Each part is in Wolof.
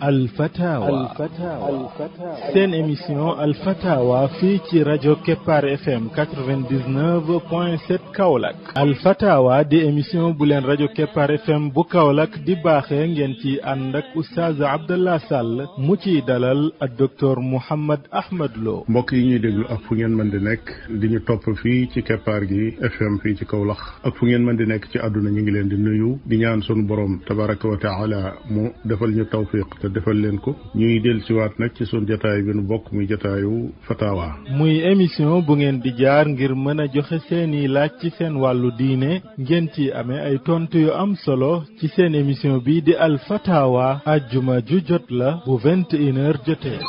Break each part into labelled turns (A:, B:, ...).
A: alfatawa seen émission alfatawa fii ci rajo keppaar fm 99 point 7 kaolack alfatawa di émission bu leen rajo keppaar fm bu kaolack di baaxee ngeen ci ànd ak oustaz abdallah sall mu ciy dalal ak docteur mouhamad ahmad lo mbokk yi ñuy déglu ak fu ngeen mën di nekk di ñu topp fii ci keppaar gi fm fii ci kaolack ak fu ngeen mën di nekk ci àdduna ñu ngi leen di nuyu di ñaan sunu borom tabaraka wa taala mu defal ñu tawfiq defal leen ko ñuy dellusiwaat nag ci sunu jataay bi nu bokk muy jataayu Fatawa. muy émission bu ngeen di jaar ngir mën a joxe seeni laaj ci seen wàllu diine ngeen ci amee ay tontu yu am solo ci seen émission bi di al Fatawa ajjuma ju jot la bu vingt et jotee.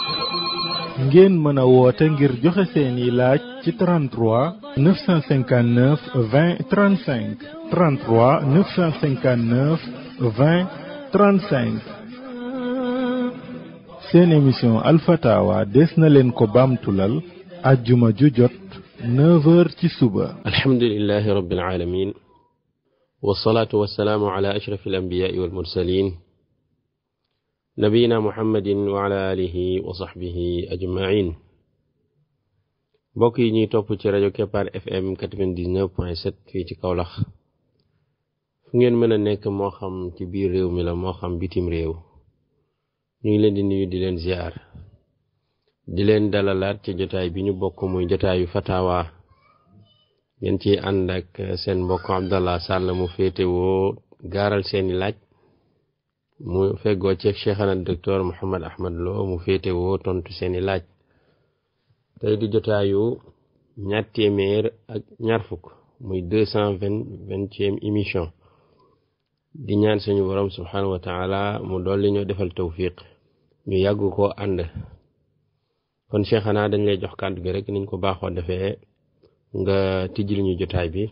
A: ngeen mën a woote ngir joxe seeni laaj ci 33 959 20 35 33 959 20 35 seen émission alfatawa des na leen ko baamtulal ajjuma ju jot 9h ci suba.
B: alhamdulilahi rabbil alamin wasalaatu wasalaamu ala ashrafi alambiyaai walmursalin wa ala alihi wa sahbihi yi ñuy topp ci rajo keppaar fm 99 ci kawlax fu ngeen mën a nekk moo ci biir réew mi la moo xam bitim réew ñu ngi leen di nuyu di leen ziar di leen dalalaat ci jotaay bi ñu bokk muy jotaayu fatawa ngeen ci ànd seen mbokk Abdallah Sall mu féetewoo gaaral seeni laaj mu fegoo ceeg cheikhana docteur Mouhammad Ahmad mu féetewoo tontu seeni laaj tey di jotaayu ñaar muy deux cent vingt émission di ñaan suñu borom subxanahu wa ta'ala mu dolli ñoo defal tawfiq ñu yàgg koo ànd kon Cheikh xanaa dañ lay jox kàddu gi rek niñ ko baaxoo defee nga tijjil ñu jotaay bi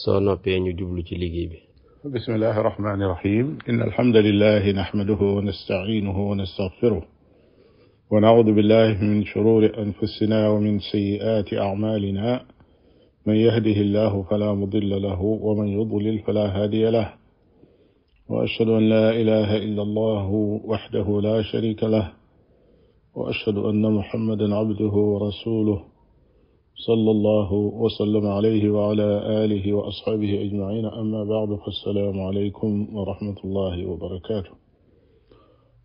B: soo noppee ñu jublu ci liggéey bi
A: bismillahi irrahmani irrahim in alhamdulilahi naxmaduhu wa nastaciinuhu wa nastaxfiruh wa nacuudu billahi min shururi anfusina wa min sayiaati man yahdihi llahu fala mudilla lahu wa man fala haadiya lahu وأشهد أن لا إله إلا الله وحده لا شريك له وأشهد أن محمدا عبده ورسوله صلى الله وسلم عليه وعلى آله وأصحابه أجمعين أما بعد فالسلام عليكم ورحمة الله وبركاته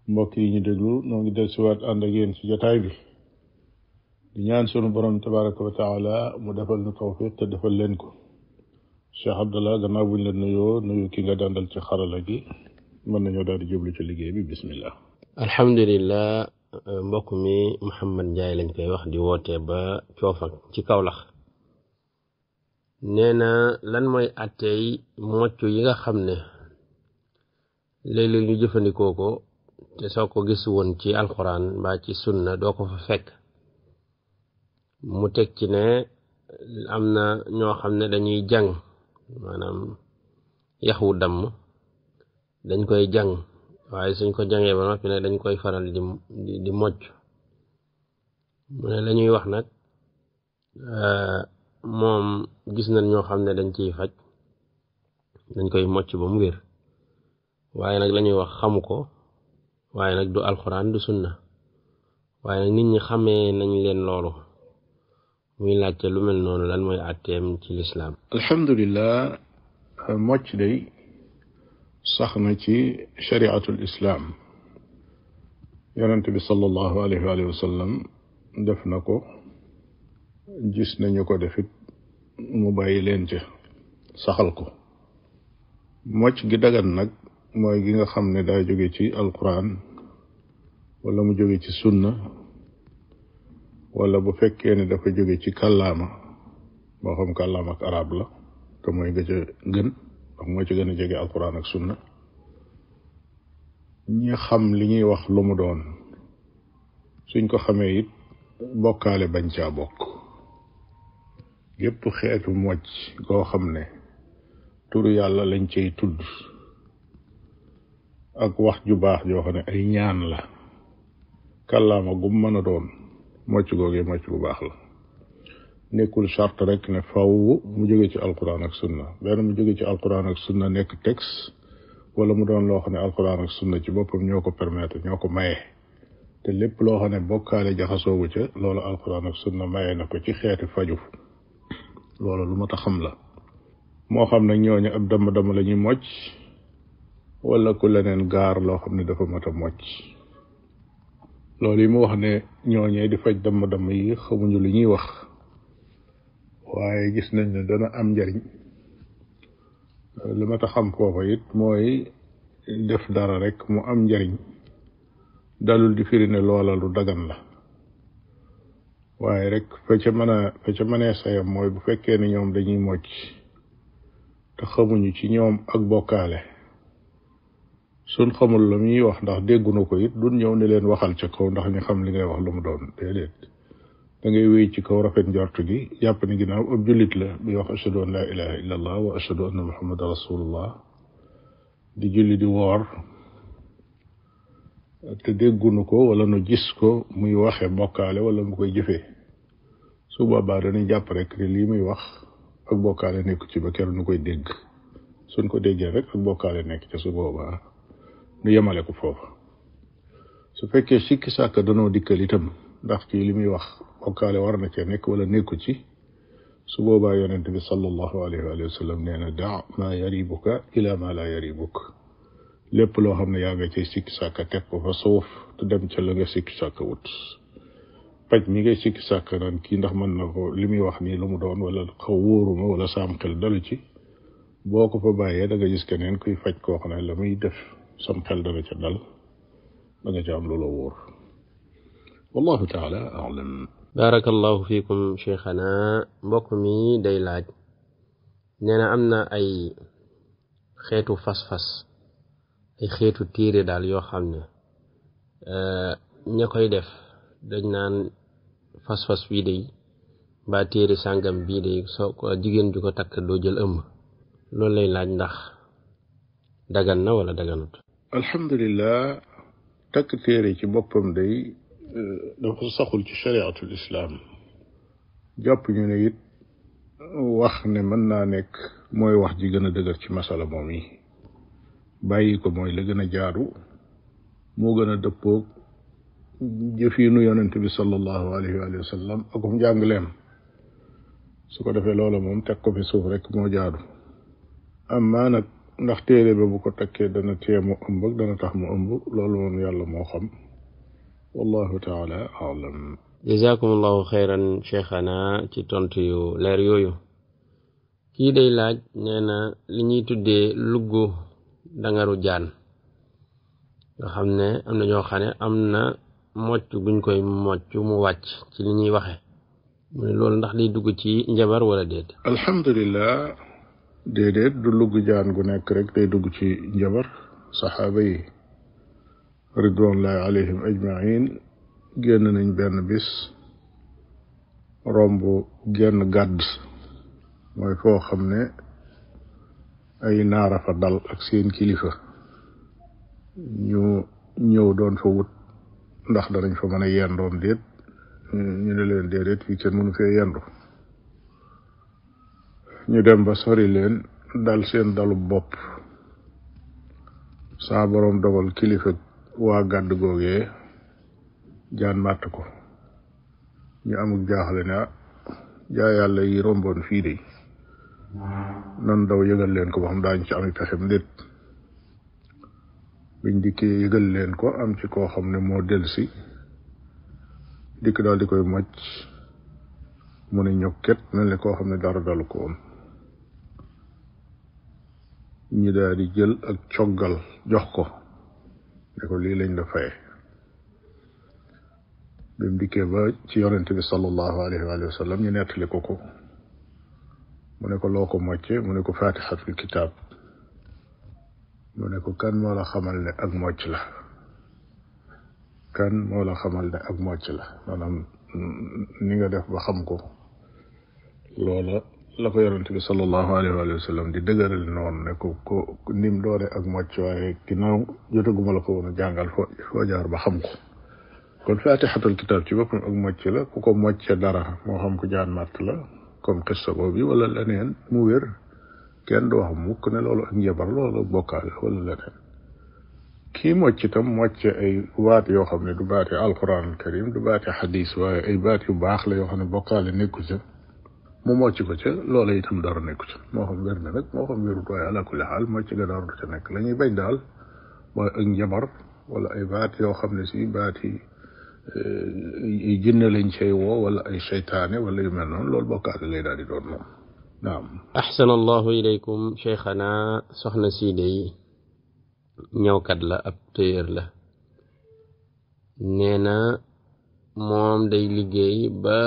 A: mbokk yi ñu déglu noo ngi del siwaat ànd ak yéen ci jataay bi di ñaan sunu borom tabaraka wa taala mu defal nu tawfiq te defal leen ko Cheikh Abdallah gannaaw buñ la nuyu ki nga dandal ci xarala gi mën nañoo daal di jublu
B: ci liggéey bi bismillah alhamdulillah mbokk mi Mouhamed Ndiaye lañ koy wax di woote ba coofak ci Kaolack nee na lan mooy mocc yi xam ne léeg-léeg jëfandikoo ko te soo ko gis woon ci alxuraan mbaa ci sunna doo ko fa fekk mu teg ci ne am na ñoo xam ne dañuy jàng maanaam yax wu damm dañ koy jàng waaye suñ ko jàngee ba noppi nag dañ koy faral di di mocc mu ne la wax nag euh, moom gis nañ ñoo xam ne dañ ciy faj dañ koy mocc ba mu wér waaye nag lañuy wax xamu ko waaye nag du alxuraan du sunna waaye nag nit ñi xamee nañ leen loolu muy laajte lu mel noonu lan mooy àtteem ci lislaam
A: alhamdulilah mocc day sax na ci shari'atul islaam yonent bi sallallahu alayhi waalihi wa def na ko gis nañu ko defit mu bàyyi leen ca saxal ko mocc gi dagan nag mooy gi nga xam ne daa jóge ci alquran wala mu jóge ci sunna wala bu fekkee ne dafa jóge ci kàllaama moo xam kàllaama ak arab la te mooy nga ca moo ci gën a jege alquran ak sunna ñi xam li ñuy wax lu mu doon suñ ko xamee it bokkaale bañ caa bokk yépp xeetu mocc goo xam ne turu yàlla lañ cay tudd ak wax ju baax joo xam ne ay ñaan la kàllaama gum mën a doon mocc googee mocc bu baax la nekkul charte rek ne faw mu jóge ci alquran ak sunna benn mu jóge ci alquran ak sunna nekk texte wala mu doon loo xam ne alquran ak sunna ci boppam ñoo ko permettre ñoo ko maye te lépp loo xam ne bokkaale jaxasoogu ca loolu alquran ak sunna maye na ko ci xeeti faju loolu lu ma ta xam la moo xam ne ñooñu ab dama dama la ñuy mocc wala ku leneen gaar loo xam ne dafa mat a mocc loolu yi mu wax ne ñooñee di faj damm-damm yi xamuñu lu ñuy wax waaye gis nañ ne dana am njariñ lu ma ta xam foofa it mooy def dara rek mu am njariñ dalul di firi ne loola dagan la waaye rek fa ca mën a fa ca mënee sayam mooy bu fekkee ne ñoom dañuy mocc te xamuñu ci ñoom ak bokkaale suñ xamul lu muy wax ndax déggunu ko it duñ ñëw ne leen waxal ca kaw ndax ñu xam li ngay wax lu mu doon déedéet da ngay wéy ci kaw rafet njort gi jàpp ne ginnaaw ab jullit la buy wax ashadu an laa ilaha illa allah wa ashadu anna muhammadan rasulullah di julli di woor te déggunu ko wala nu gis ko muy waxe bokkaale wala mu koy jëfee su boobaa dañuy jàpp rek ne lii muy wax ak bokkaale nekk ci ba keroog nu koy dégg suñ ko déggee rek ak bokkaale nekk ca su boobaa nu yemale ko foofu su fekkee sikki sàkk danoo dikkal itam ndax kii li muy wax okkaale war na cee nekk wala nekku ci su boobaa yonente bi sallallahu alayhi wa sallam nee na daa maa yaribuka laa yaribuk lépp loo xam ne yaa nga cay sikki sàkk teg ko fa suuf te dem ca la nga sikki sàkk wut paj mi ngay sikki sàkk naan kii ndax mën na ko li muy wax nii lu mu doon walla xaw wóoruma wala saam xel dalu ci boo ko fa bàyyee da nga gis keneen kuy faj koo xam ne la muy sam xel dana ca dal da nga am loola wóor wallahu taala alam
B: barakallahu fiikum cheikhana mbokk mi day laaj nee am na ay xeetu fas-fas ay xeetu téere daal yoo xam ne eh, ña koy def dañ naan fas-fas bii day mbaa téere sàngam bii day soo ko jigéen ju ko takk doo jël ëmb lay laaj ndax dagan na wala daganut
A: alhamdulilah takk téere ci boppam day euh, dafa saxul ci chariatul islaam jàpp ñu ne it wax ne mën naa nekk mooy wax ji gën a dëgër ci masala moom yi bàyyi ko mooy la gën a jaaru moo gën a dëppoog jëfiinu nu bi sallallahu alayhi wa sallam akum jàngaleem su ko defee loola moom teg ko fi suuf rek moo jaaru amma ndax téere ba bu ko takkee dana tee mu ëmb ak dana tax mu ëmb loolu moom yàlla moo xam wallahu taala alam
B: jazakumullahu xeyran ci tontu yu leer yooyu kii day laaj nee li ñuy tuddee luggu dangaru jaan nga xam ne am na ñoo xam ne am na mocc guñ koy mocc mu wàcc ci li ñuy waxe mu ne loolu ndax day dugg ci njabar wala déet alhamdulillah
A: déedéet du lugg jaan gu nekk rek day dugg ci njabar saxaaba yi ridwanullahi alayhim ajmain génn nañ benn bis romb genn gàdd mooy foo xam ne ay naara fa dal ak seen kilifa ñu ñëw doon fa wut ndax danañ fa mën a yendoom déet ñu ne leen déedéet fii kenn mënu fee yendu ñu dem ba sori leen dal seen dalu bopp saa boroom dogal kilifa waa gàdd googee jaan màtt ko ñu amul jaaxle na ah, jaay yàlla yi romboon fii de nan daw yëgal leen ko ba xam daañu ci am i pexem ndét biñ dikkee yëgal leen ko am ci koo xam ne moo delsi dikk daal di koy mocc mu ne ñokket mel koo xam ne dara dalu ko ñu daal di jël ak coggal jox ko ne ko lii lañ la faye bi mu dikkee ba ci yonent bi sallallahu alayhi wa sallam ñu nettali ko ko mu ne ko loo ko mocce mu ne ko fatixatul kitaab mu ne ko kan moo la xamal ne ak mocc la kan moo la xamal ne ak mocc la maanaam ni nga def ba xam ko loola la ko yonent bi sallallahu alayhi wa sallam di dëgëral noonu ne ko nim doone ak mocc waaye ginnaaw jotaguma la ko woon a jàngal foo ba xam ko kon fatihatul kitab ci boppam ak mocc la ku ko mocce dara moo xam ko jaan màtt la comme xissa boobu wala leneen mu wér kenn du wax mukk ne loolu ak njabar loolu bokkaale wala leneen kii mocc itam mocc ay baat yoo xam ne du baati alquran karim du baati xadis waaye ay baat yu baax la yoo xam ne bokkaale nekku sa mu mocc ko ca loola itam dara nekku ca moo xam wér na nag moo xam wérut waaye ala kulli xaal mocc ga dara du ca nekk la ñuy bañ daal mooy ak njabar wala ay baat yoo xam ne si baat yi ay eh, jinne lañ cay woo wala ay seytaane wala yu mel noonu loolu bokkaale lay daal di doon moom naam
B: ahsana allahu ilaykum cheikhana soxna si day ñëwkat la ab téyër la nee na moom day liggéey ba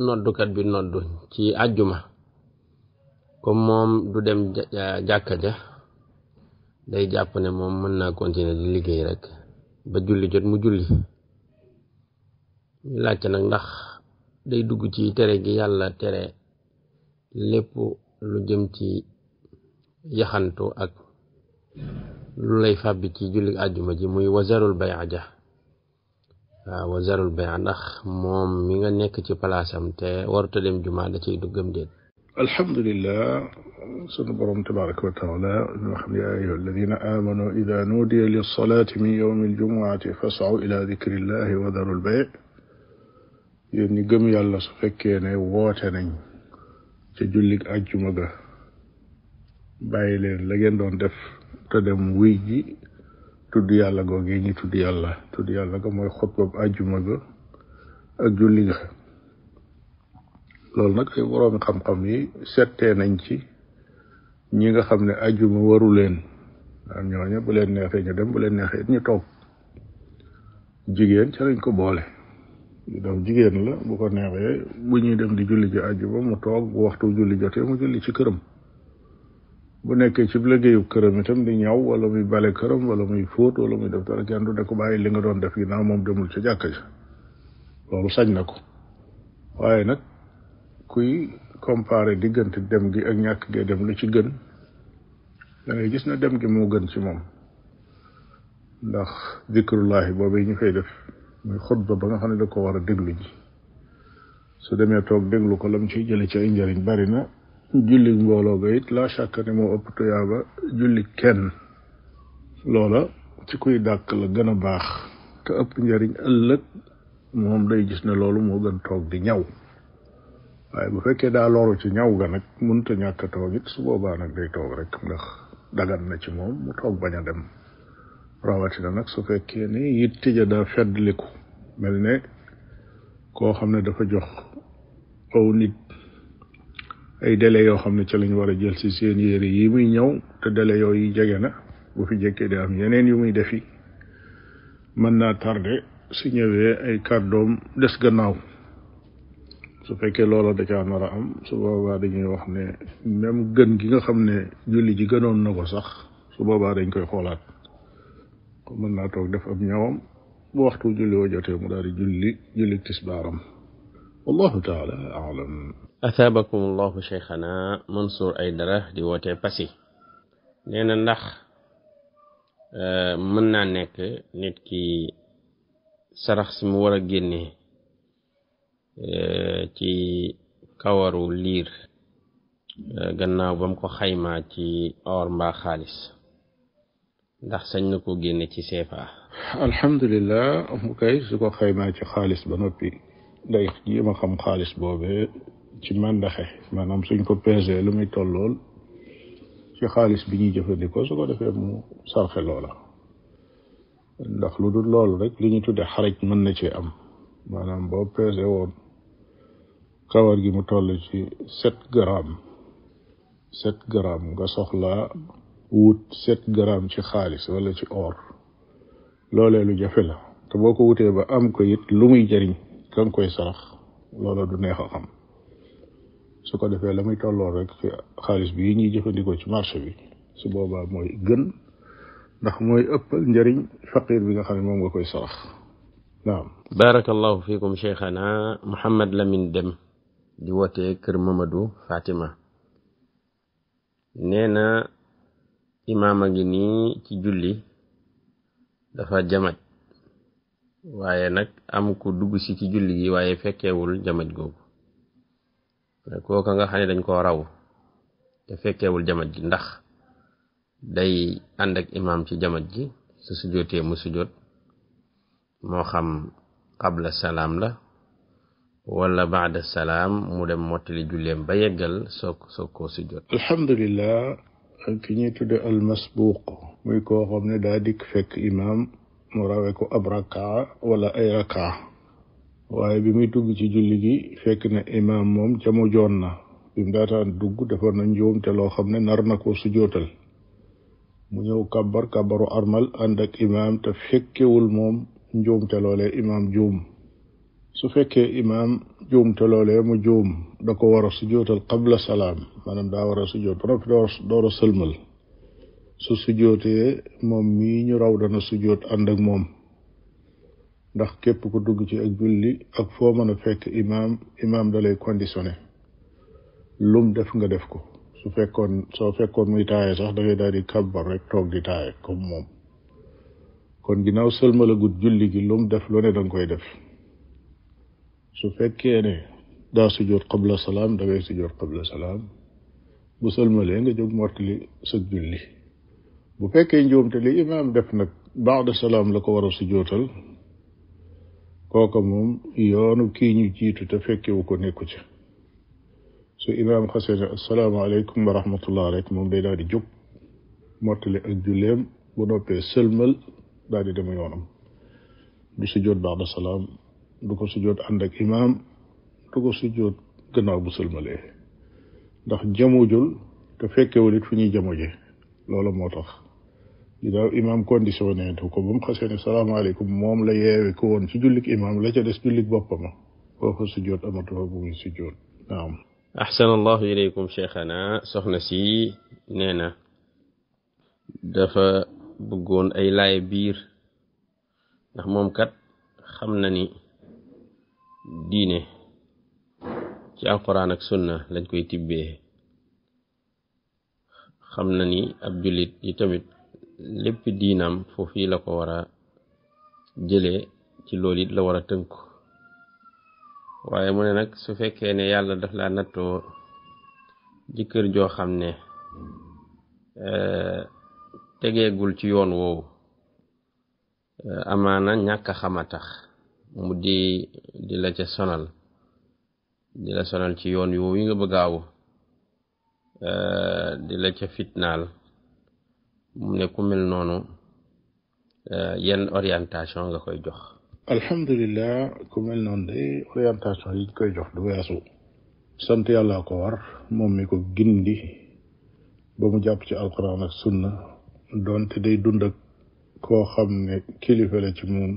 B: noddukat bi noddu ci àjjuma comme moom du dem jàkka ja day jàpp ne moom mën na continuer di liggéey rek ba julli jot mu julli ñu laajte nag ndax day dugg ci tere gi yàlla tere lépp lu jëm ci yaxantu ak lu lay fàbbi ci julli àjjuma ji muy wasarul bay aja Ah, wa zarul bay ndax moom mi nga nekk ci palaasam te warut a dem jumaa da ciy duggam déet
A: alhamdulillah sunu borom tabaraka wa taala ñoo xam ne yaa ayyuha amanu ida nuudiya lilsalaati min yowmi aljumuati fasaw ila dikrillahi wa darul bay yéen ñi gëm yàlla su fekkee ne woote nañ ca jullig àjjuma ga bàyyi leen la ngeen doon def te dem wuy tudd yàlla googee ñu tudd yàlla tudd yàlla ga mooy xutbab àjjuma ga ak julli ga loolu nag ay boroomi xam-xam yi settee nañ ci ñi nga xam ne àjjuma waru leen am ñooñu bu leen neexee ñu dem bu leen neexee ñu toog jigéen ca lañ ko boole doom jigéen la bu ko neexee bu ñuy dem di julli ji àjjuma mu toog bu waxtu julli jotee mu julli ci këram bu nekkee ci liggéeyu këram itam di ñaw wala muy bale këram wala muy fóot wala muy def dara kenn du ne ko bàyyi li nga doon def ginnaaw moom demul ca jàkka ja loolu sañ na ko waaye nag kuy comparer diggante dem gi ak ñàkk gee dem lu ci gën da gis na dem gi moo gën ci moom ndax zikrullahi boobu ñu fay def muy xot ba nga xam ne da ko war a déglu ji su demee toog déglu ko la mu ciy jële ci ay njëriñ bari jullik mbooloo ga it laa shakk ne moo ëpp tuyaaba jullik kenn loola ci kuy dàq la gën a baax te ëpp njariñ ëllëg moom day gis ne loolu moo gën toog di ñaw waaye bu fekkee daa loru ci ñaw ga nag mënta ñàkk a toog su boobaa nag day toog rek ndax dagan na ci moom mu toog bañ dem rawatina nag su fekkee ne yitte ja daa feddliku mel ne koo xam ne dafa jox aw nit ay dele yoo xam ne ci lañ war a jël si seen yére yi muy ñëw te yoo yi jege na bu fi jekkee di am yeneen yu muy defi mën naa tardé su ñëwee ay kàddoom des gannaaw su fekkee loola da caa nar am su boobaa dañuy wax ne même gën gi nga xam ne julli ji gënoon na ko sax su boobaa dañ koy xoolaat ko mën naa toog def ab ñawam bu waxtu julli wa jotee mu daal di julli julli tisbaaram wallahu taala alam
B: athaabakum allahu cheikhana ay dara di wootee Passy nee na ndax euh, mën naa nekk nit ki sarax si mu war a génne euh, ci kawaru liir euh, gannaaw bam ko xaymaa ci or xaalis ndax sañ na ko génne ci CFA
A: alhamdulilah mu kay ko xaymaa ci xaalis ba noppi day jéem a xaalis boobe ci màndaxe maanaam suñ ko pesé lu muy tollool ci xaalis bi ñuy jëfandikoo su ko defee mu sarxe loola ndax lu dul loolu rek lu ñu tudde xaraj mën na ci am maanaam boo pesé woon kawar gi mu toll ci sept grammes sept grammes nga soxlaa wut sept grammes ci xaalis wala ci or loolee lu jafe la te boo ko wutee ba am ko it lu muy jariñ ka koy sarax loola du neex a xam su ko defee la muy tolloon rek xaalis bi yi ñuy jëfandikoo ci marché bi su boobaa mooy gën ndax mooy ëppal njëriñ faqir bi nga xam ne moom nga koy sarax naam
B: barakallahu fiikum cheikhana la Lamine dem di wootee kër Mamadou Fatima nee na imaam a ngi ci julli dafa jamaj waaye nag am ku dugg si ci julli gi waaye fekkewul jamaj googu kooka nga xam ne dañ koo raw te fekkewul jamat ji ndax day ànd imaam ci jamat ji su sujjóotee mu sujjóot moo xam qabla salaam la wala baada salaam mu dem mottali julleem ba yeggal soog soog koo sujjóot alhamdulillah
A: ki ñuy tudde almasbuuq muy koo xam ne daa dikk fekk imaam mu rawe ko ab rakaa wala ay rakaa waaye bi muy tugg ci julli gi fekk na imaam moom jamo joon na bi mu daataan dugg defoon na njuum loo xam ne nar na ko sujootal mu ñëw kabar kabaru armal ànd ak imaam te fekkewul moom njuumte loolee imaam juum su fekkee imaam juumte loolee mu juum da ko war a sujootal qabla salaam maanaam daa war a sujoot ba noppi door a sëlmal su moom mii ñu raw dana sujoot ànd ak moom ndax képp ku dugg ci ak julli ak foo mën a fekk imaam imaam da lay conditionné lum def nga def ko su fekkoon soo fekkoon muy taaye sax da ngay daal di kabbar rek toog di taaye comme moom kon ginnaaw sëlmalagut julli gi lum def lu ne da koy def su fekkee ne daa sujjóot qabla salaam da ngay sujjóot qabla salaam bu sëlmalee nga jóg mottali sa julli bu fekkee njuumte li imaam def nag baada salaam la ko war a sujjóotal kooka moom yoonu kii ñu jiitu te fekkewu ko nekku ci su imaam xasee ne asalaamaaleykum wa rahmatullah rek moom day daal di jóg mottali ak julleem bu noppee sëlmal daal di dem yoonam du sujjóot baada salaam du ko sujjóot ànd ak imaam du ko sujjóot gannaaw bu sëlmalee ndax jamujul te fekkewul it fu ñuy jamuje loola moo tax ginnaaw imaam conditionné tu ko ba mu xasee ne salaamaaleykum moom la yeewe ko woon ci jullik imaam la ca des jullik boppama foofa sujjoot amatu fa bu muy sujjoot naam
B: ahsanallahu ilaykum cheikhana soxna si nee na dafa bëggoon ay laay biir ndax kat xam na ni diine ci alquran ak sunna lañ koy tibbee xam na ni ab tamit lépp diinam foofii la ko war a jëlee ci loolu it la war a tënku waaye mu ne nag su fekkee ne yàlla daf laa nattoo jëkkër joo xam ne eh, tegeegul ci yoon woowu eh, amaana ñàkk a xama tax mu di di la ca sonal di la sonal ci yoon woowu yi nga bëgg aw eh, di la ca fitnaal mu ne ku mel noonu euh, yenn orientation nga koy jox
A: alhamdulilah ku mel noonu de orientation yi koy jox du weesu sant yàlla ko war moom mi ko gindi ba mu jàpp ci alquran ak sunna doonte day dund ak koo xam ne kilifa la ci moom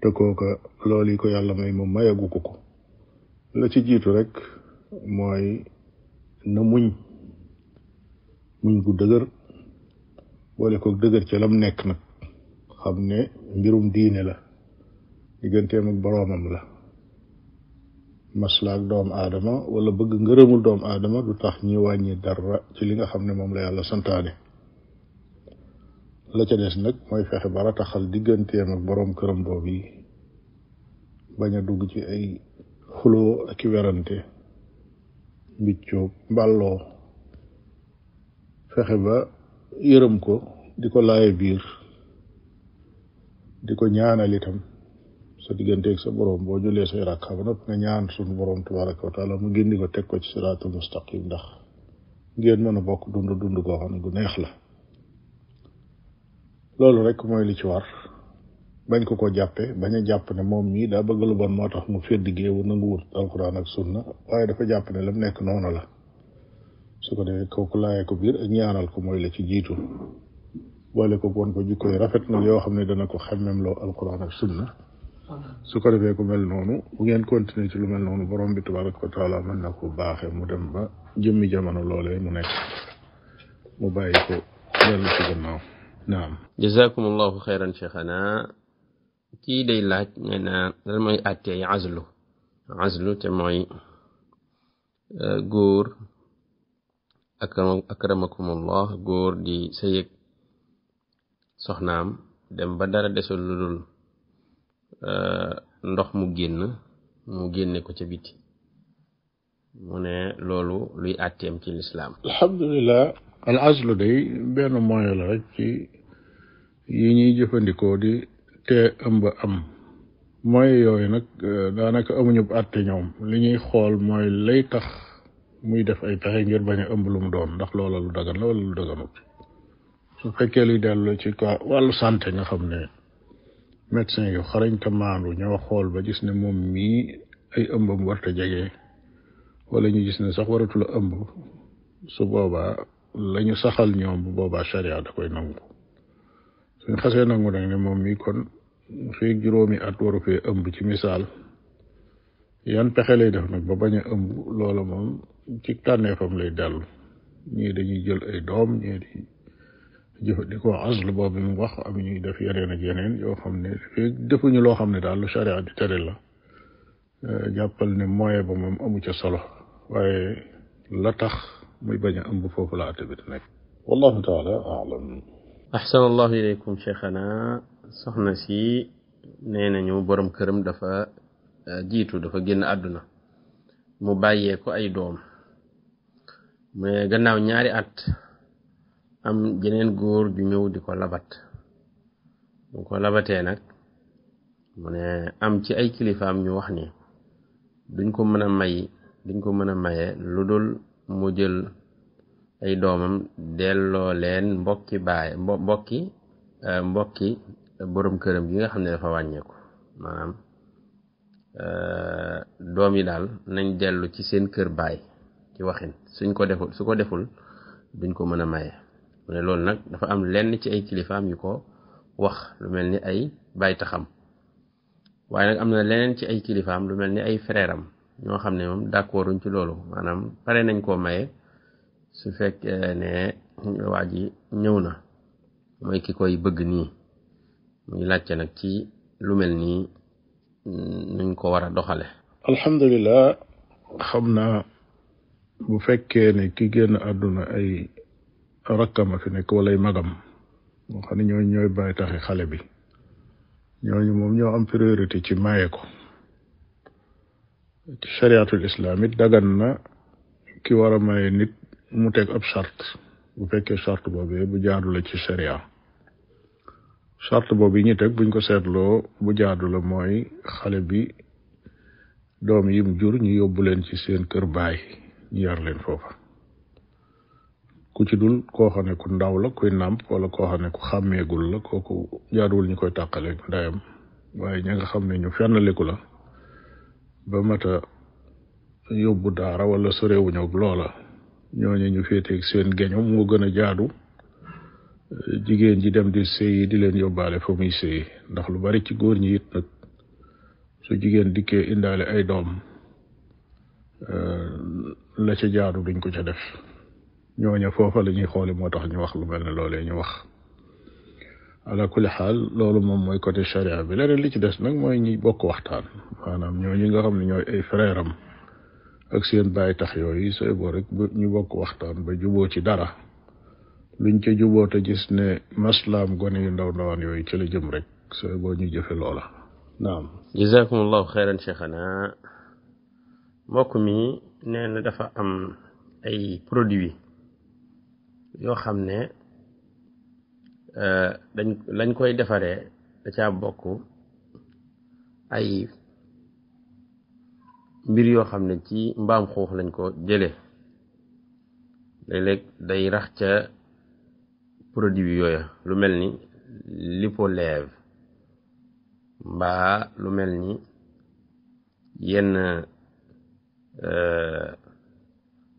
A: te kooka loolu yi ko yàlla may moom mayagu ko ko la ci jiitu rek mooy na muñ muñ gu dëgër boole ko dëgër ca lam nekk nag xam ne mbirum diine la digganteem ak boroomam la maslaak doom aadama wala bëgg ngërëmul doom aadama lu tax ñi wàññi dara ci li nga xam ne moom la yàlla santaane la ca des nag mooy fexe ba rataxal digganteem ak boroom këram boobu yi bañ a dugg ci ay xuloo ak i werante mbiccoo mbàlloo fexe ba yërëm ko di ko laaye biir di ko ñaanal itam sa digganteeg sa borom boo julee say rakka ba nopp nga ñaan sunu borom tabaraka wa taala mu génn ko teg ko ci siraatul mustaqim ndax ngeen mën a bokk dund dund ko xam ne gu neex la loolu rekk mooy li ci war bañ ko ko jàppe bañ a jàpp ne moom mii daa bëgg lu bon moo tax mu féddigéewu nanguwut alquran ak na waaye dafa jàpp ne lam nekk noonu la su ko defee kooku laaya ko biir ak ñaanal ko mooy la ci jiitu boole ko kon ko jikko rafet na yoo xam ne dana ko xemmem loo alquran ak sunna su ko defee ku mel noonu ku ngeen continuer ci lu mel noonu borom bi tabaraka wa taala mën na ko baaxee mu dem ba jëmmi jamono loolee mu nekk
B: mu bàyyi ko dellu ci gannaaw naam jazakumullahu xayran cheikhana kii day laaj nee na lan mooy àttee azlu azlu te mooy euh, góor akramakumullah góor di sëyëg soxnaam dem ba dara desul lu dul euh, ndox mu génn mu génne ko ca biti mu ne loolu luy àtteem ci lislaam alhamdulilah
A: al aslu benn moyen la rek ci yi ñuy jëfandikoo di te ëmb am mooy yooyu nag euh, daanaka amuñu àtte ñoom li ñuy xool mooy lay tax muy def ay pexe ngir bañ a ëmb lu mu doon ndax loola lu dagan la wala lu daganut su fekkee luy dellu ci quoi wàllu santé nga xam ne médecin yu xarañ te maandu ñoo xool ba gis ne moom mii ay ëmbam warta jege walla ñu gis ne sax waratul ëmb su boobaa lañu saxal ñoom bu boobaa charia da koy nangu suñ xasee nangu nag ne moom mii kon fii juróomi at waru fee ëmb ci misaal yan pexe lay def nag ba bañ ëmb loola moom ci tànneefam lay dellu ñii dañuy jël ay doom ñii di jëfandikoo azl boobu mu wax am ñuy def yeneen ak yoo xam ne defuñu loo xam ne daal lu charia di tere la euh, jàppal ne moyen ba amu ca solo waaye la tax muy bañ am ëmb foofu la atte bi di nekk wallahu taala
B: allahu ilaykum cheikhana soxna si nee nañu borom këram dafa euh, jiitu dafa génn àdduna mu bàyyee ay doom mais gannaaw ñaari at am geneen góor ju ñëw di ko labat bu ko labatee nag mu ne am ci ay kilifaam ñu wax ni duñ ko mën a may duñ ko mën a maye lu dul mu jël ay doomam delloo leen mbokki baay mbokki euh, mbokki borom këram gi nga xam ne dafa wàññeeku maanaam euh, doom yi daal nañ dellu ci seen kër baay ci waxin suñ ko deful su ko deful duñ ko mën a maye mu ne loolu nag dafa am lenn ci ay kilifaam yu ko wax lu mel ni ay baytaxam waaye nag am na leneen ci ay kilifaam lu mel ni ay frère am ñoo xam ne moom d'accorduñ ci loolu maanaam pare nañ koo maye su fekkee ne waa ji ñëw na mooy ki koy bëgg nii muy laajte nag ci lu mel nii nuñ ko war a doxale alhamdulilah
A: xam naa bu fekkee ne ki génn àdduna ay a fi nekk wala ay magam moo xam ne ñooñu ñooy bàyyi taxi xale bi ñooñu moom ñoo am priorité ci maye ko ci chariatul islam it dagan na ki war a maye nit mu teg ab charte bu fekkee charte boobee bu jaadu la ci sharia charte boobu yi teg buñ ko seetloo bu jaadu la mooy xale bi doom yim jur ñu yóbbu leen ci seen kër baay yar leen foofa ku ci dul koo xam ne ku ndaw la kuy nàmp wala koo xam ne ku xàmmeegul la kooku jaaduwul ñu koy tàqaleeg ndeyam waaye ña nga xam ne ñu fennaliku la ba mata yóbbu daara wala sorewuñu ak loola ñooñu ñu féeteeg seen geño mu gën a jaadu jigéen ji dem di sëyi di leen yóbbaale fa muy sëyi ndax lu bari ci góor ñi it nag su jigéen dikkee indaale ay doom Euh, la ca jaaru duñ ko ca def ñooña foofa la ñuy xooli moo tax ñu wax lu mel ne loolee ñu wax ala kulli xaal loolu moom mooy côté charia bi leneen li ci des nag mooy ñi bokk waxtaan maanaam ñooñu nga xam ne ñooy ay frère ak seen bàyyi tax yooyu sooy boo rek ñu bokk waxtaan ba juboo ci dara luñ ca juboo te gis ne maslaam gone yu ndaw ndawaan yooyu ci la jëm rek
B: sooy boo ñu jëfe loola naam jazakumullahu xeyran cheikhana mbokk mi nee na dafa am ay produit yoo xam ne euh, dañ lañ koy defaree da caa bokk ay mbir yoo xam ne ci mbaam xuux lañ ko jëlee léeg-léeg day rax ca produit yooya lu mel ni lipolève mbaa lu mel ni yenn Euh,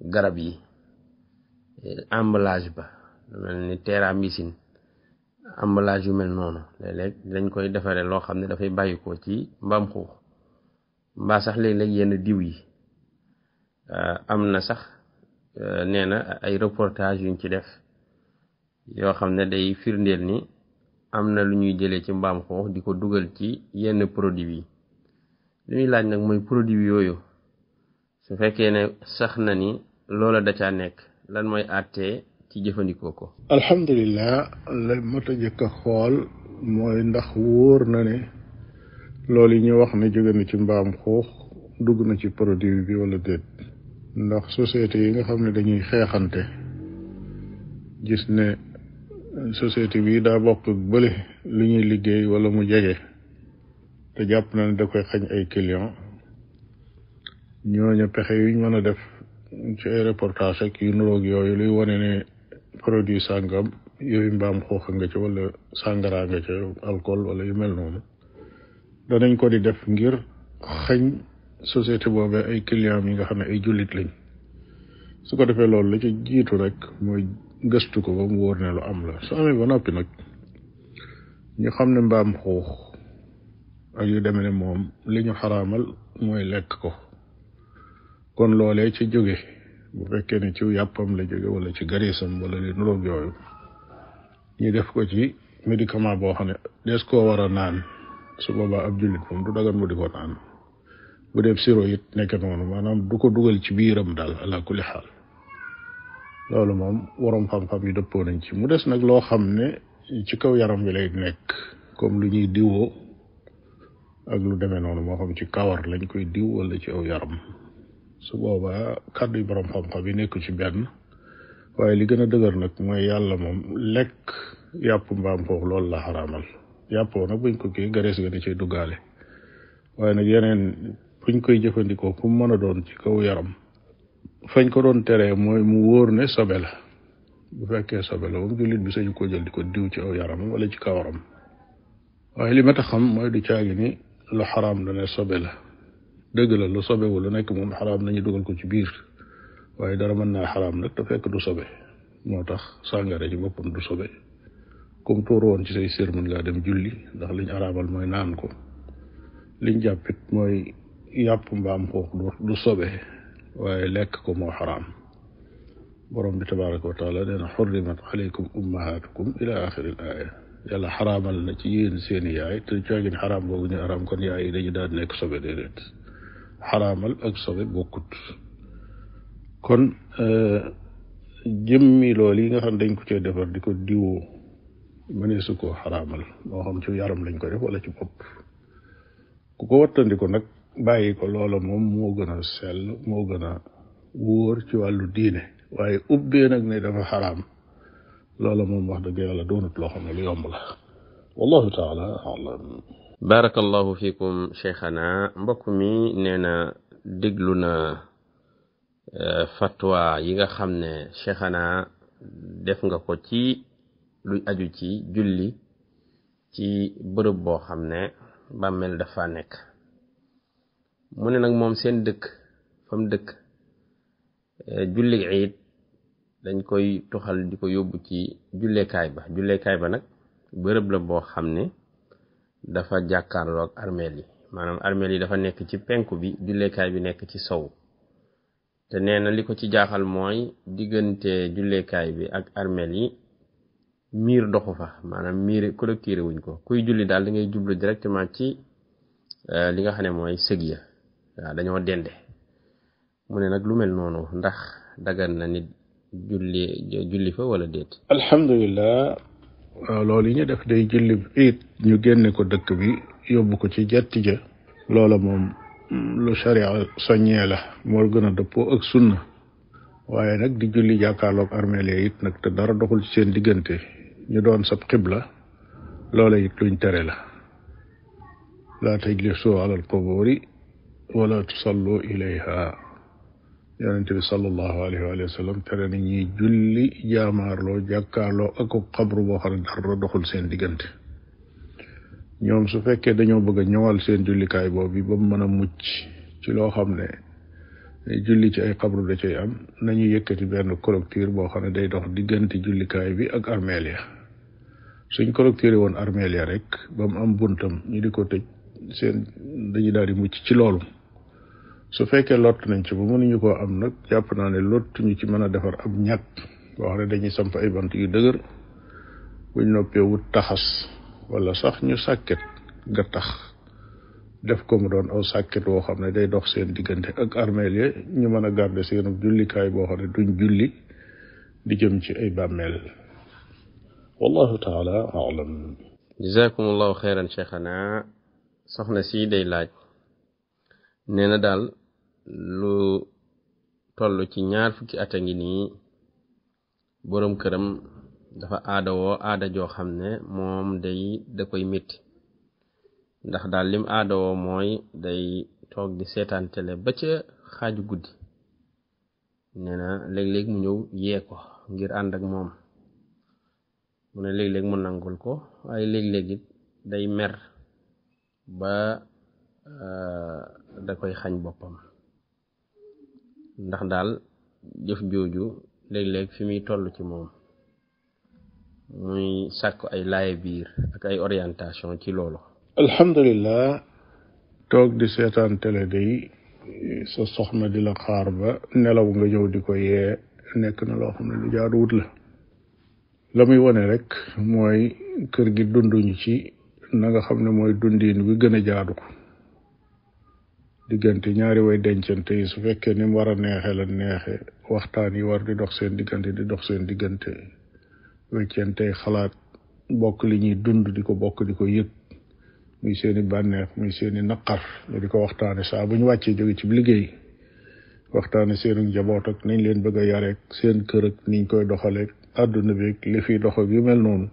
B: garab yi euh, emballage ba mel ni teramycine emballage yu mel noonu léeg-léeg dañ koy defaree loo xam ne dafay bàyyikoo ci mbaam xuux mbaa sax léeg-léeg yenn diw yi euh, am na sax nee na ay reportage yuñ ci def yoo xam ne day firndeel ni am na lu ñuy jëlee ci mbaam xuux di ko dugal ci yenn produit yi li ñuy laaj nag mooy produit yooyu su fekkee ne sax na ni loola da caa nekk lan mooy àttee ci jëfandikoo ko
A: alhamdulilah la mata jëkk a xool mooy ndax wóor na ne loolu yi ñu wax ne jóge na ci mbaam xuux dugg na ci produit bi wala déet ndax société yi nga xam ne dañuy xeexante gis ne société bi daa bokk bële li ñuy liggéey wala mu jege te jàpp na ne da koy xañ ay client ñooñu pexe yuñ mën a def ci ay reportage ak yu nuroog yooyu luy wane ne produit sàngam yooyu mbaam xuux nga ci wala sàngara nga ci alcool wala yu mel noonu danañ ko di def ngir xëñ société boobee ay clients yi nga xam ne ay jullit lañ su ko defee loolu la ci jiitu rek mooy gëstu ko ba mu wóor ne lu am la su amee ba noppi nag ñu xam ne mbaam xuux ak yu demee ne moom li ñu xaraamal mooy lekk ko kon loolee ci jóge bu fekkee ne ci yàppam la jóge wala ci garisam wala li nuroog yooyu ñu def ko ci médicament boo xam ne des koo war a naan su boobaa ab jullit moom du dagan mu di ko naan bu dee siro it nekk noonu maanaam du ko dugal ci biiram daal ala xaal loolu moom waroom xam-xam yi nañ ci mu des nag loo xam ne ci kaw yaram bi lay nekk comme lu ñuy diwoo ak lu deme noonu moo xam ci kawar lañ koy diw wala ci aw yaram su boobaa kàddu yi borom xam-xam yi nekk ci benn waaye li gën a dëgër nag mooy yàlla moom lekk yàpp mbaam foofu loolu la xaraamal yàppoo nag buñ ko kii garees ga da cay duggaale waaye nag yeneen buñ koy jëfandikoo fu mu mën a doon ci kaw yaram fañ ko doon tere mooy mu wóor ne sobe la bu fekkee sobe la moom jullit bi sañu ko jël di ko diw ci aw yaram wala ci kawaram waaye li ma tax xam mooy du caagi ni lu xaraam la ne sobe la dëgg la lu sobewu lu moom xaraam nañu dugal ko ci biir waaye dara mën naa xaraam nag te fekk du sobe moo tax sàngara ci boppam du sobe comme tuur woon ci say sër mën ngaa dem julli ndax liñ araamal mooy naan ko liñ jàppit mooy yàpp mbaam xoox du sobe waaye lekk ko moo xaraam borom bi tabaraka wa taala nee na xurrimat aleykum ummahatukum ila axiri l aaya na ci yéen seeni yaay te coogin xaraam boobu ñu araam kon yaay yi dañu daan nekk sobe déedéet xaraamal ak sobe bokkut kon euh, jëmmi loolu yi nga xam dañ ko cee defar di ko ma mënee su koo xaraamal moo xam ci yaram lañ ko def wala ci bopp ku ko wattandiku nag bàyyi ko loola moom moo gën a sell moo gën a wóor ci wàllu diine waaye ubbee nag ne dafa xaraam loola moom wax dëgg yàlla doonut loo xam ne lu yomb la wallahu alam
B: barakallahu fikum cheikhana mbokk mi nee na déglu na euh, fatwa yi nga xam ne cheikhana def nga ko ci luy aju ci julli ci bërëb boo xam ne bàmmeel dafa nekk mu ne nag moom seen dëkk fam dëkk euh, julli iid dañ koy toxal di ko yóbbu ci julleekaay ba julleekaay ba nag bërëb la boo xam ne dafa jàkkaarloog armeel yi maanaam armeel yi dafa nekk ci penku bi jullekaay bi nekk ci sow te nee na li ko ci jaaxal mooy diggante jullekaay bi ak armeel yi miir doxu fa maanaam miir clôturé wuñ ko kuy julli daal da ngay jublu directement ci euh, li nga xam ne mooy sëg ya waaw dañoo dende mu ne nag lu mel noonu ndax dagan na nit julli fa wala déet
A: alhamdulilah loolu yi ñu def day julli it ñu génne ko dëkk bi yóbbu ko ci jetti ja loola moom mm, lu sharia soññee la moo gën a dëppoo ak sunna waaye nag di julli jàkkaarloog armeel yi nag te dara doxul ci seen diggante ñu doon sab xibla loola it luñ tere la laa tajlisu ala alquburi wala tusallu ilayha yonente bi sallallahu alayhi wa sallam tere na ñuy julli jaamaarloo jàkkaarloo ak xabru boo xam ne dara doxul seen diggante ñoom su fekkee dañoo bëgg a ñoŋal seen jullikaay boobu ba mu mën a mucc ci loo xam ne julli ci ay xabru da cay am nañu yëkkati benn collecteur boo xam ne day dox diggante jullikaay bi ak armeel ya suñ collecteur woon armeel ya rek ba mu am buntam ñu di ko tëj seen dañu daal di mucc ci loolu su fekkee lott nañ ci bu mënuñu ko am nag jàpp naa ne ñu ci mën a defar ab ñàkk boo xam ne dañuy samp ay bant yu dëgër buñ noppee wut taxas walla sax ñu sàkket ga def ko mu doon aw sàkket woo xam ne day dox seen diggante ak armeel yi ñu mën a garder seen jullikaay boo xam ne duñ julli di jëm ci ay bàmmeel wallahu taala alam
B: jazakumullahu xeyran cheikhana soxna si day laaj nee na daal lu toll ci ñaar fukki at a nii boroom këram dafa aada woo aada joo xam ne moom day da koy metti ndax daal lim aada woo mooy day toog di seetaan télé ba ca xaaju guddi nee na léeg-léeg mu ñëw yee ko ngir ànd ak moom mu ne léeg-léeg mu nangul ko waaye léeg-léeg day mer ba euh, da koy xañ boppam ndax daal jëf jooju léeg-léeg fi muy toll ci moom muy sàkk ay laaye biir ak ay orientation ci loolu
A: alhamdulilah toog di seetaan télé day sa soxna di la xaar ba nelaw nga ñëw di ko yee nekk na loo xam ne lu jaaduwut la la muy wone rek mooy kër gi dunduñu ci na nga xam ne mooy dundiin wi gën a jaadu ko diggante ñaari way dencante yi su fekkee ni mu war a neexe la neexe waxtaan yi war di dox seen diggante di dox seen diggante weccentey xalaat bokk li ñuy dund di ko bokk di ko yëg muy seeni bànneex muy seeni naqar ñu di ko waxtaane saa bu ñu wàccee jóge ci liggéey waxtaane seenu njaboot ak niñ leen bëgg a yareek seen kër ak niñ koy doxaleek àdduna bi li fiy dox ak mel noonu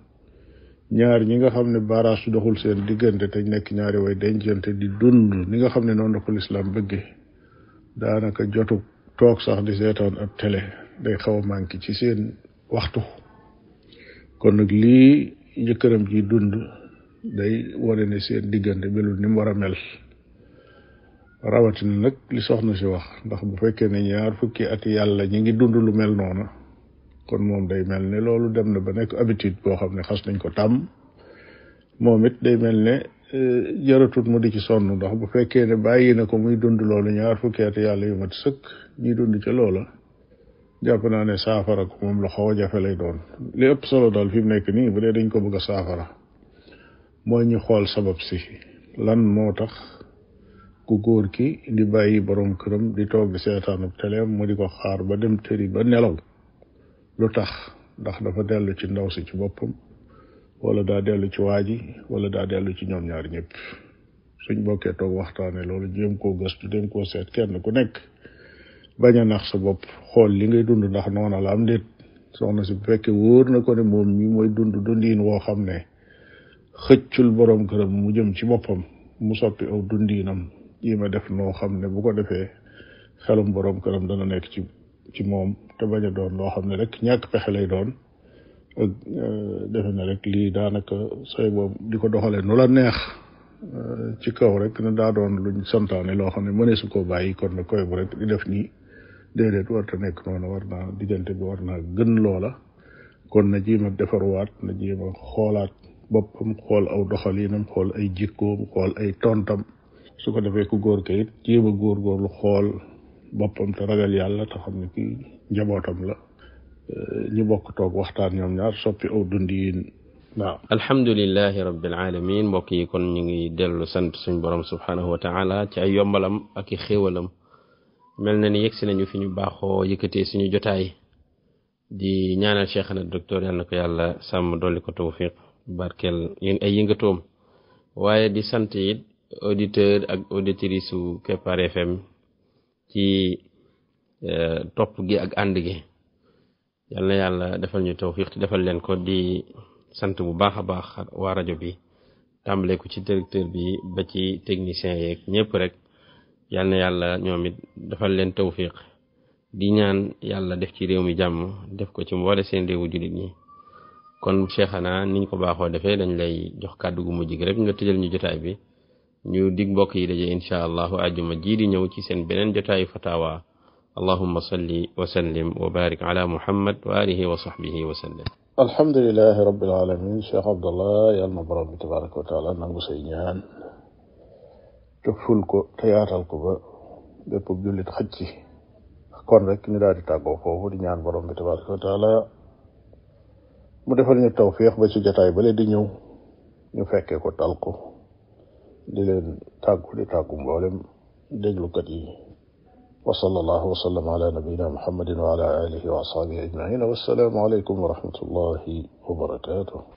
A: ñaar ñi nga xam ne barrage doxul seen diggante te nekk ñaari way dencante di dund ni nga xam ne noonu la ko lislaam bëgge daanaka jotu toog sax di seetaan ab télé day xaw a manqué ci seen waxtu kon nag lii njëkkëram ji dund day wane ne seen diggante melul ni mu war a mel rawatin nag li soxna si wax ndax bu fekkee ne ñaar fukki at yàlla ñi ngi dund lu mel noona kon moom day mel ne loolu dem na ba nekk habitude boo xam ne xas nañ ko tàmm moom it day mel ne eh, jaratut mu di ci sonn ndax bu fekkee ne bàyyi na ko muy dund loolu ñaar fukki at yàlla yu mat sëkk ñuy dund ca loola jàpp naa ne saafara ko moom la xaw a jafe lay doon li ëpp solo daal fi mu nekk nii bu dee dañ ko bëgg a saafara mooy ñu xool sabab si lan moo tax ku góor ki di bàyyi borom këram di toog di seetaanub teleem mu di ko xaar ba dem tëri ba nelaw lu tax ndax dafa dellu ci ndaw si ci boppam wala daa dellu ci waa ji wala daa dellu ci ñoom ñaar ñëpp suñ bokkee toog waxtaane loolu jéem koo gëstu dem koo seet kenn ku nekk bañ a nax sa bopp xool li ngay dund ndax noona la am déet soxna si bu fekkee wóor na ko ne moom mi mooy dund dundiin woo xam ne xëccul boroom këram mu jëm ci boppam mu soppi aw dundiinam yi ma def noo xam ne bu ko defee xelum borom këram dana nekk ci ci moom te bañ a doon loo xam ne rek ñàkk pexe lay doon ak euh, defe na rek lii daanaka say boobu di ko doxalee nu la neex euh, ci kaw rek na daa doon luñ santaane loo xam ne mënee su koo bàyyi kon na koy bu rek di def nii déedéet war ta nekk noonu war naa diggante bi war naa gën loola kon na jéem a defarwaat na jéem a xoolaat boppam xool aw doxalinam xool ay jikkoom xool ay tontam su ko defee ku góor kayit jéem a góorgóorlu xool boppam te ragal yàlla te xam ne njabootam la euh, ñu bokk toog waxtaan ñoom ñaar soppi aw dund yi waaw
B: alhamdulilahi rabbil alamin mbokk yi kon ñu ngi dellu sant suñ borom subhanahu wa taala ci ay yombalam ak i xéewalam mel na ni yegsi nañu fi ñu baaxoo yëkkatee suñu jotaay di ñaanal cheikhana docteur yàlla na ko yàlla sàmm dolli ko tawfiq barkeel yéen ay yëngatoom waaye di sant it auditeur ak auditrice su Kepar ci e, topp gi ak ànd gi yal na yàlla defal ñu tawfiq te defal leen ko di sant bu baax a baax waa rajo bi tàmbale ko ci directeur bi ba ci technicien yeeg ñëpp rek yal na yàlla ñoom it defal leen tawfiq di ñaan yàlla def ci réew mi jàmm def ko ci mboole seen réewu jullit ñi kon Cheikhana niñ ko baaxoo defee dañ lay jox kàddu gu mujj gi rek nga tëjal ñu jotaay bi ñu dig mbokk yi daje incha allahu ajuma jii di ñëw ci seen beneen jotaayu fatawa allahumma salli wa sallim wa barik ala muhammad wa alihi wa sahbihi
A: ñaan te ful te yaatal ko ba bépp jullit xaj ci kon rek ñu daal di tàggoo foofu di ñaan borom bi tabaraka wa taala ñu tawfiix ba ci jotaay bale di ñëw ñu fekkee ko tal di leen tàggu di tàggu mboolem déglukat yi wa sallallahu wa sallam ala nabiyina muhammadin wa ala alihi wa ashabihi ajmain wassalaamu aleykum wa rahmatullahi wa barakatuh